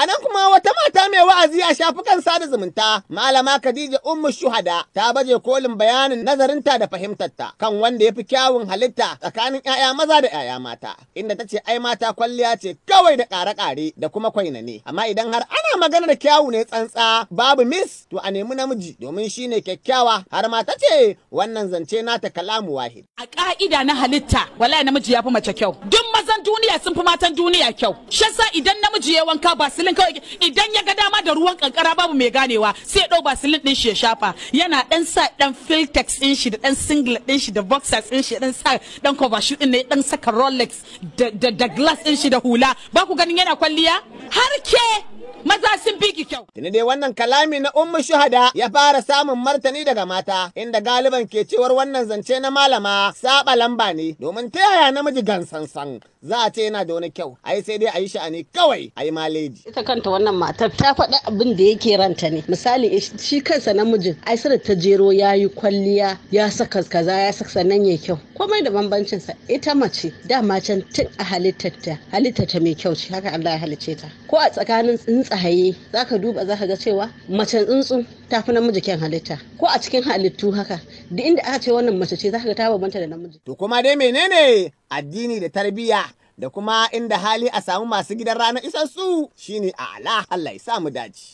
A nan kuma wata mata mai wa'azi a shafukan sada zumunta, Malama Khadija Ummu Shuhada ta baje kolin bayanin nazarinta da fahimtarta kan wanda ya fi kyawun halitta tsakanin 'ya'ya maza da 'ya'ya mata, inda ta ce ai mata kwalliya ce kawai da ƙare-ƙare da kuma kwaina ne. Amma idan har ana maganar kyawu ne tsantsa babu mis to a nemi namiji domin shi ne kyakkyawa har ma ta ce wannan zance nata kalamu wahid. A ƙa'ida na halitta, wallahi namiji ya fi mace kyau. Duk duniya sun fi matan duniya kyau shasa idan namiji ya wanka basilin kawai idan ya ga dama da ruwan kankara babu mai ganewa sai ya dau basilin din shi ya shafa yana dan sa dan filtex din shi da dan singlet din shi da boxers din shi dan sa dan cover shoe din ne dan saka rolex da glass din shi da hula ba ku ganin yana kwalliya har ke kyau. Tuni dai wannan kalami na ummu shuhada ya fara samun martani daga mata inda galiban ke cewar wannan zance na malama saba lamba ne domin ta yaya namiji gansansan za a ce yana da wani kyau ai sai dai a yi sha'ani kawai a yi maleji. Ita kanta wannan matar ta faɗa abin da yake ranta ne misali shi kansa namijin ai sai ta jero ya yi kwalliya ya saka kaza ya saka sannan ya kyau komai da bambancinsa ita mace dama can tun a halittata halittata mai kyau ce haka Allah ya halicce ta ko a tsakanin za zaka duba za ka ga cewa mace tsuntsu ta fi namiji kyan halitta ko a cikin halittu haka duk inda aka ce wannan mace ce za ka ga ta bambanta da namiji. To kuma dai menene addini da tarbiyya da kuma inda hali a samu masu gidan ranar isassu shine a ala Allah ya samu daji.